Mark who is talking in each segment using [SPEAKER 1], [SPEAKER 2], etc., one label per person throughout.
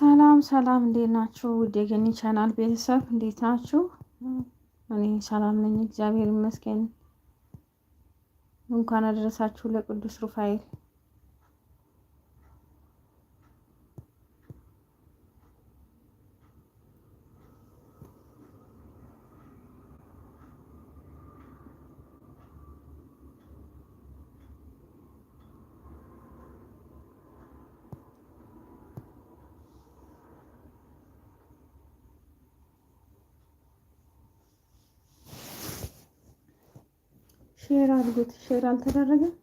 [SPEAKER 1] ሰላም ሰላም፣ እንዴት ናችሁ? ውድ ቻናል ቤተሰብ እንዴት ናችሁ? እኔ ሰላም ነኝ፣ እግዚአብሔር ይመስገን። እንኳን አደረሳችሁ ለቅዱስ ሩፋኤል ሼር አድርጎት ሼር አልተደረገም።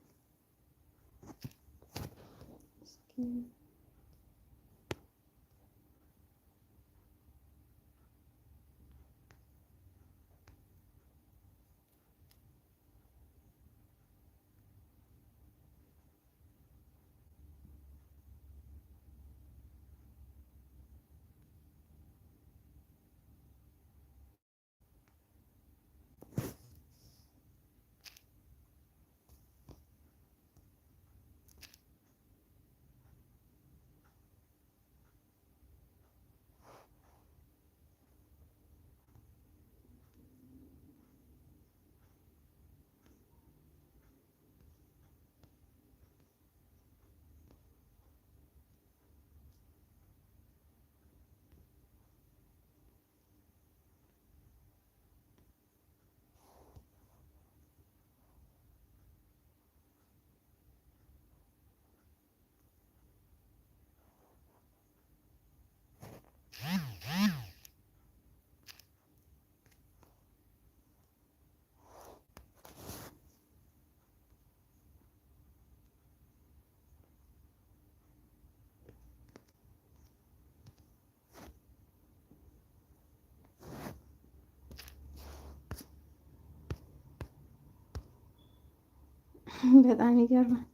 [SPEAKER 1] በጣም ይገርማል።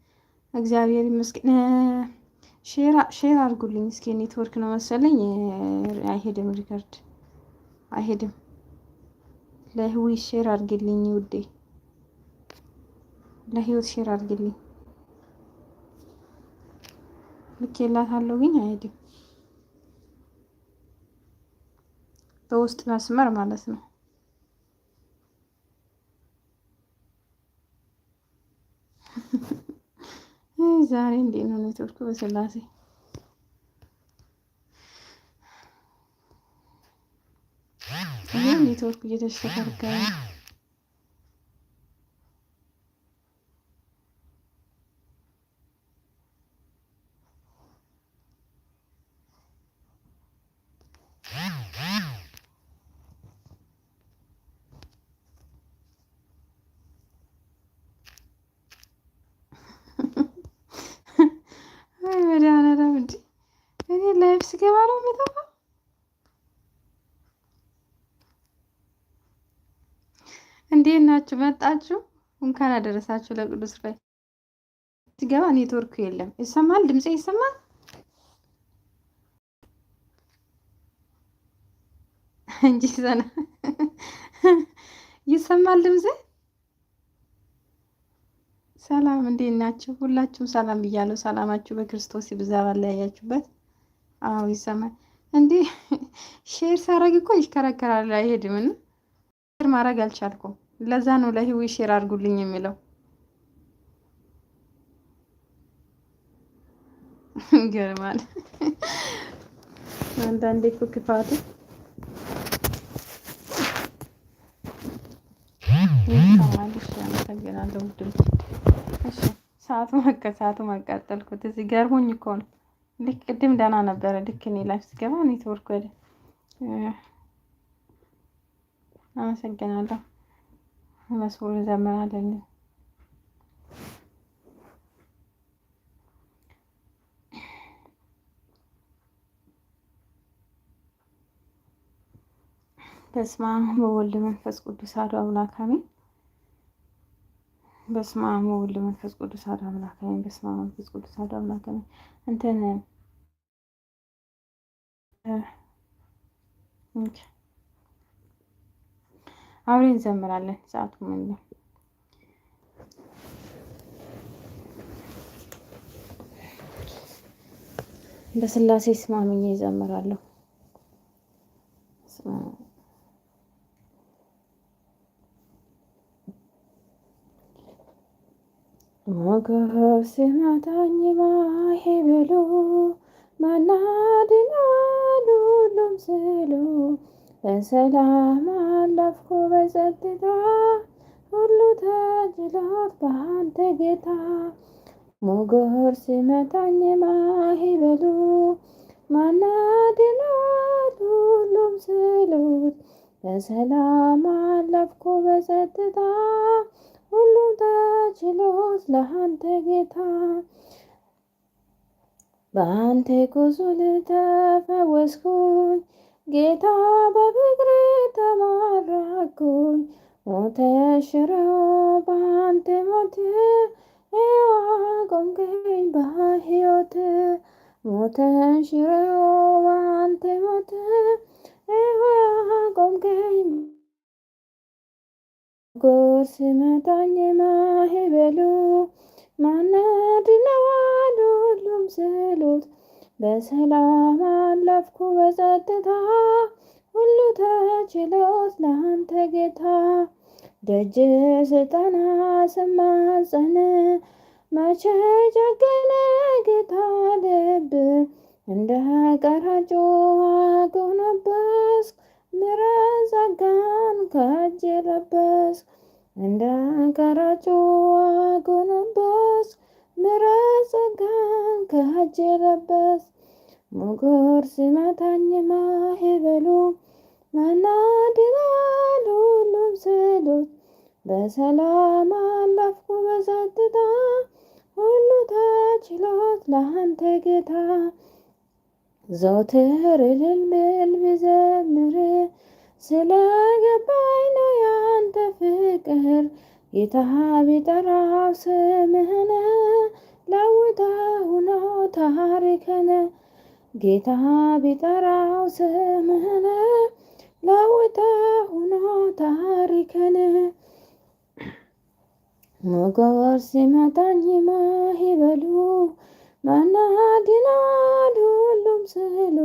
[SPEAKER 1] እግዚአብሔር ይመስገን። ሼር አድርጉልኝ እስኪ። ኔትወርክ ነው መሰለኝ አይሄድም፣ ሪከርድ አይሄድም። ለህዊ ሼር አድርግልኝ ውዴ፣ ለህይወት ሼር አድርግልኝ። ልኬላታለሁ ግን አይሄድም፣ በውስጥ መስመር ማለት ነው። ዛሬ እንዴት ነው ኔትወርኩ? በስላሴ ይህ ኔትወርክ እየተሽከረከረ እንዴት ናችሁ? መጣችሁ? እንኳን አደረሳችሁ ለቅዱስ ራይ። ሲገባ ኔትወርኩ የለም። ይሰማል? ድምጼ ይሰማል? እንጂ ዘና ይሰማል ድምጼ። ሰላም እንዴት ናችሁ? ሁላችሁም ሰላም ብያለሁ። ሰላማችሁ በክርስቶስ ይብዛ ባለያያችሁበት። አዎ ይሰማል። እንዴ ሼር ሳረግ እኮ ይሽከረከራል ሼር ማድረግ አልቻልኩም። ለዛ ነው ለህዊ ሼር አድርጉልኝ የሚለው። ይገርማል። አንዳንዴ እኮ ክፋቱ አመሰግናለሁ። ሰዓቱ መቀ ሰዓቱ መቃጠልኩት እዚህ ገርሞኝ እኮ ነው። ልክ ቅድም ደህና ነበረ። ልክ እኔ ላይ ስገባ ኔትወርክ ወደ አመሰግናለሁ። መስሙር እንዘምራለን። በስመ አብ ወወልድ መንፈስ ቅዱስ አሐዱ አምላክ አሜን። በስመ አብ ወወልድ መንፈስ ቅዱስ አሐዱ አምላክ አሜን። በስመ አብ መንፈስ ቅዱስ አሐዱ አምላክ አሜን። እንትን አብሬ እንዘምራለን። ሰዓቱ ምን ነው? በስላሴ ስማምኝ ይዘምራለሁ። ሞገብ ሲመታኝ ማሄ ብሎ መናድናሉ ሁሉም ስሉ በሰላማ አለፍኩ በጸጥታ ሁሉ ተጅላት በአንተ ጌታ ሞገር ሲመታኝ ማሂበሉ ማናድናት ሁሉም ስሉት በሰላም አለፍኩ በጸጥታ ሁሉም ተችሎት ለአንተ ጌታ በአንተ ቁስል ተፈወስኩኝ ጌታ በፍቅር ተማ አደረግኩኝ ሞተ ሽረው በአንተ ሞት ቆምከኝ በሕይወት ሞተ በአንተ ሞት ቆምከኝ ጎር ሲመታኝ ማህበሉ ማናድነዋል ሁሉም ስሉት በሰላም አለፍኩ በጸጥታ ሁሉ ተችሎት ለአንተ ጌታ ደጅ ስጠና ስማጸን መቼ ጨገነ ጌታ ልብ እንደ ቀራጩ አጎነበስ ምሕረት ጸጋን ከእጅ ለበስ እንደ ቀራጩ አጎነበስ ምሕረት ጸጋን ከእጅ ለበስ ሙጉር ሲመታኝ ማዕበሉ መናድራሉ መብሰሎት በሰላም አለፍኩ በጸጥታ ሁሉ ተችሎት ለአንተ ጌታ ዘወትር እልልምል ብዘምር ስለገባኝ ነው ያንተ ፍቅር ጌታ ቢጠራው ስምህን ለውጠው ነው ታሪክን ጌታ ቢጠራው ስምህን ለውጠ ሁኖ ታሪክን ሞገር ሲመጣኝ ማሂ በሉ መናድናል ሁሉም ስሉ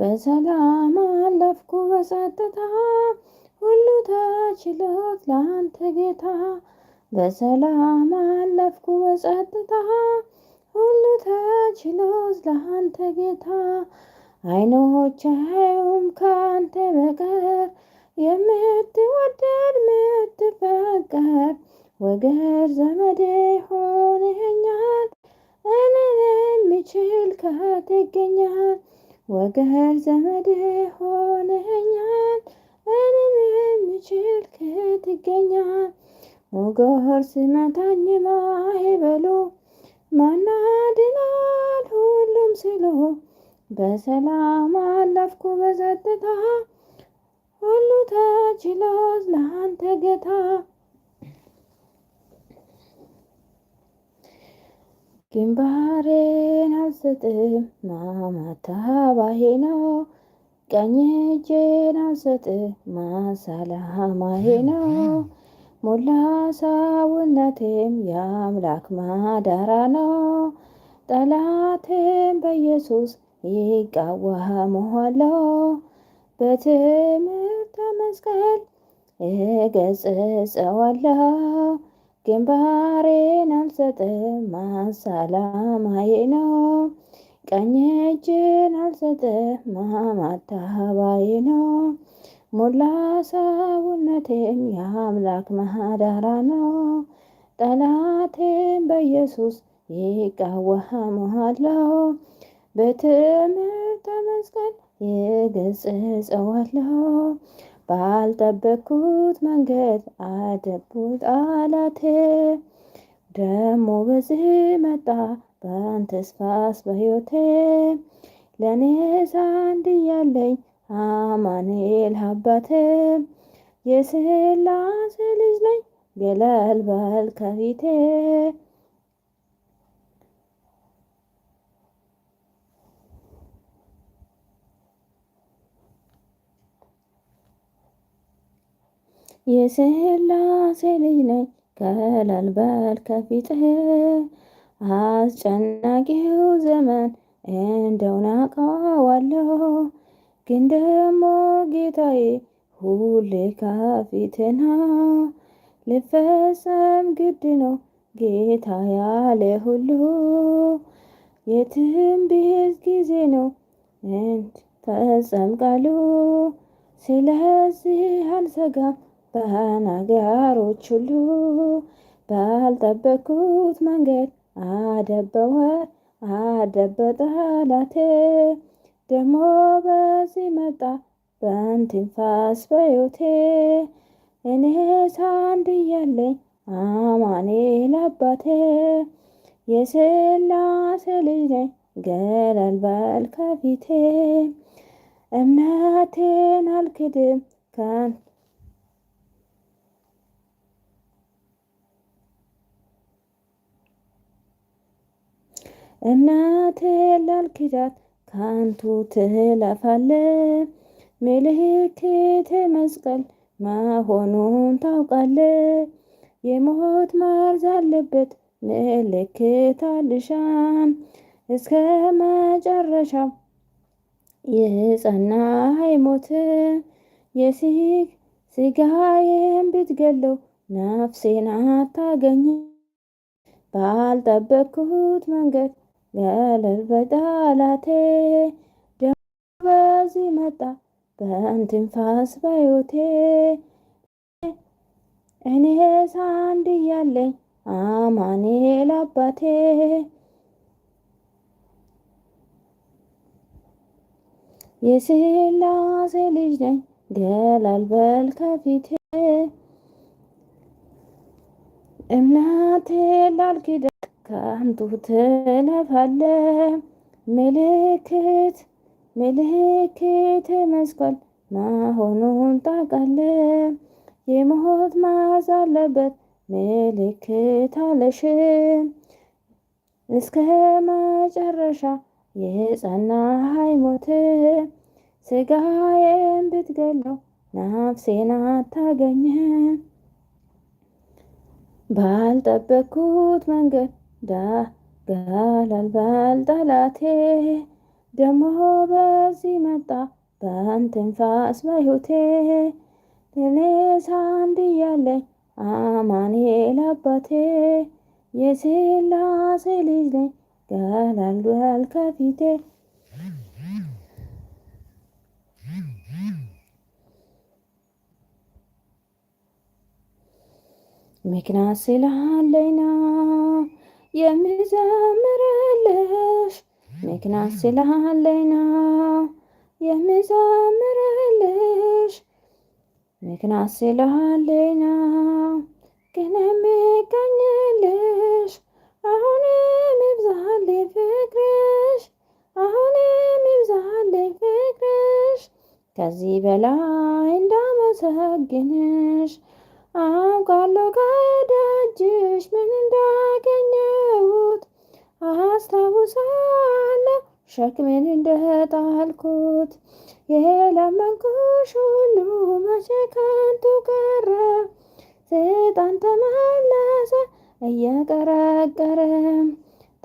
[SPEAKER 1] በሰላም አለፍኩ በጸጥታ ሁሉ ተችሎት ለአንተ ጌታ በሰላም አለፍኩ በጸጥታ ሁሉ ተችሎት ለአንተ ጌታ አይኖች አያዩም ከአንተ በቀር የምትወደድ ምትፈቀር ወገር ዘመዴ ሆነኸኛል እኔን የሚችል ከት ይገኛል ወገር ዘመዴ ሆነኸኛል እኔን የሚችል ከት ይገኛል ሞገር ሲመታኝ ማይበሉ ማናድናል ሁሉም ስሎ በሰላም አለፍኩ በጸጥታ ሁሉ ተችሎ ለአንተ ጌታ ግንባሬን አልሰጥም ማማታባሄ ነው ቀኝ እጄን አልሰጥም ማሰላማሄ ነው ሞላ ሰውነቴም የአምላክ ማዳራ ነው ጠላቴም በኢየሱስ ይቃወሃ መኋላ በትምህርተ መስቀል እገስጸዋለሁ ግንባሬን አልሰጥም ማሳላማዬ ነው። ቀኝ እጄን አልሰጥም ማማታባዬ ነው። ሞላ ሰውነቴም የአምላክ ማዳራ ነው። ጠላቴም በኢየሱስ ይቃወሃ መኋላው በትምህርተ መስቀል እገሥጸዋለሁ። ባልጠበኩት መንገድ አደቡ ጣላቴ ደሞ በዚህ መጣ በንተስፋስ ተስፋስ በሕይወቴ ለእኔ ዛንድ ያለኝ አማኑኤል አባቴ የሥላሴ ልጅ ነኝ ገለል በል ከፊቴ የስላሴ ልጅ ነኝ ከለል በል ከፊትህ አስጨናቂው ዘመን እንደው ናቀዋለሁ ግን ደግሞ ጌታዬ ሁሌ ከፊትና ነው ልፈጸም ግድ ነው ጌታ ያለ ሁሉ የትንቢት ጊዜ ነው እንድ ፈጸም ቃሉ ስለዚህ አልሰጋም በነገሮች ሁሉ ባልጠበቅኩት መንገድ አደበወ አደበ ጠላቴ ደግሞ በዚህ መጣ በንትንፋስ በዮቴ እኔ ሳንድ ያለኝ አማኑኤል አባቴ የሥላሴ ልጅ ነኝ ገለል በል ከፊቴ እምነቴን አልክድም ከንቱ እናቴ ላልኪዳት ከአንቱ ትለፋለ ምልክቴ መስቀል መሆኑን ታውቃለ። የሞት መርዝ አለበት ምልክት አልሻም እስከ መጨረሻም የጸና ሃይሞት የሲግ ስጋዬን ብትገለው ነፍሴን አታገኝ ባልጠበቅኩት መንገድ ገለል በጠላቴ በዚህ መጣ በእንትንፋስ በዮቴ እኔ ሳንድ ያለኝ አማኑኤል አባቴ የስላሴ ልጅ ነኝ ገለል በል ከፊቴ እምነቴ ላልኪደ ከንቱ ትለፋለህ ምልክት ምልክት መስቀል መሆኑን ታውቃለህ። የሞት መዓዛ አለበት ምልክት አለሽ እስከ መጨረሻ የጸና ሃይሞት ስጋዬን ብትገለው ነፍሴን አታገኝም ባልጠበቅኩት መንገድ ዳጋላል ባልጠላቴ ደሞ በዚህ መጣ በአንትንፋስ በህይወቴ ለኔስ አንድ ያለኝ አማኑኤል አባቴ የስላሴ ልጅ ነኝ ገላልጓል ከፊቴ ምክንያት ስላለኝ ነው የምዘምርልሽ ምክንያት ስላለኝ ነው የምዘምርልሽ ምክንያት ስላለኝ ነው ግን የምገኝልሽ አሁንም ይብዛልኝ ፍቅርሽ አሁንም ይብዛልኝ ፍቅርሽ ከዚህ በላይ እንዳመሰግንሽ አውቃለሁ ከደጅሽ ምን እንዳገኝ አስታውሳለሁ ሸክሜን እንደጣልኩት የለመንኩሽ ሁሉ መቼ ከንቱ ቀረ። ሴጣን ተመለሰ እየቀረቀረ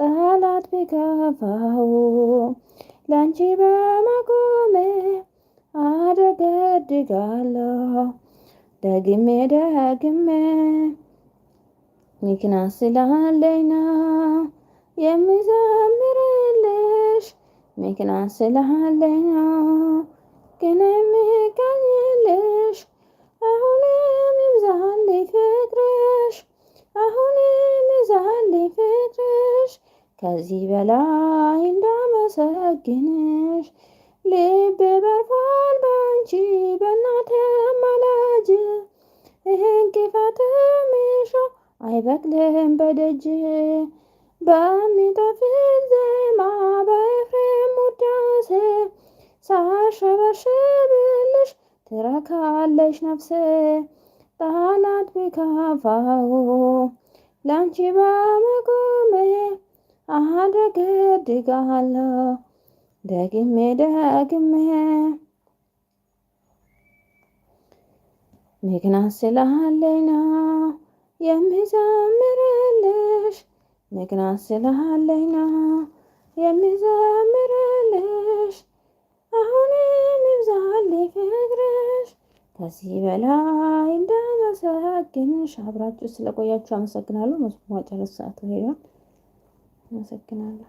[SPEAKER 1] ጠላት ቢከፋው ለአንቺ በመቆሜ አደገድጋለሁ ደግሜ ደግሜ ምክንያት ስላለኝ ነው። የምዘምርልሽ ምክንያት ስላለ ነው። ግን የምቀኝልሽ አሁንም ይብዛልኝ ፍቅርሽ፣ አሁንም ይብዛልኝ ፍቅርሽ ከዚህ በላይ እንዳመሰግንሽ ልቤ በርፏል ባንቺ በእናተ ማላጅ ይህን ክፋት ምሾ አይበቅልም በደጅ በሚጠፍል ዜማ በኤፍሬም ውዳሴ ሳሸበሽብልሽ ትረካለሽ ነፍሴ ጠላት ቢከፋው ላንቺ በመቆሜ አደገድጋለሁ ደግሜ ደግሜ ምክንያት ስላለኝ ነው የምዘምርልሽ ጀግና ስለሃለኝና የሚዘምርልሽ አሁንም ፍቅርሽ ከዚህ በላይ እንዳመሰግንሽ። አብራችሁ ስለቆያችሁ አመሰግናለሁ። ሰዓት ሄዷል። አመሰግናለሁ።